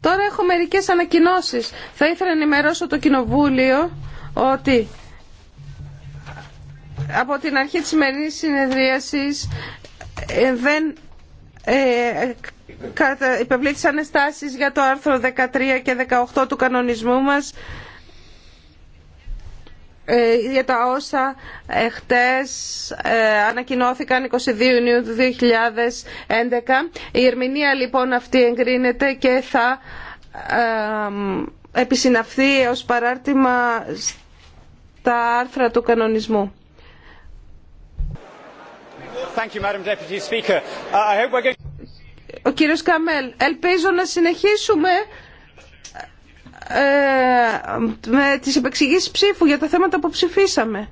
Τώρα έχω μερικές ανακοινώσεις. Θα ήθελα να ενημερώσω το Κοινοβούλιο ότι από την αρχή της σημερινής συνεδρίασης ε, δεν ε, υπευλήθησαν στάσεις για το άρθρο 13 και 18 του κανονισμού μας ε, για τα όσα ε, χτες ε, ανακοινώθηκαν 22 Ιουνίου του 2011. Η ερμηνεία λοιπόν αυτή εγκρίνεται και θα επισυναυθεί ως παράρτημα στα άρθρα του κανονισμού. Thank you, Madam Deputy Speaker. Uh, I hope Ο κύριος Καμέλ, ελπίζω να συνεχίσουμε με τις επεξηγήσεις ψήφου για τα θέματα που ψηφίσαμε.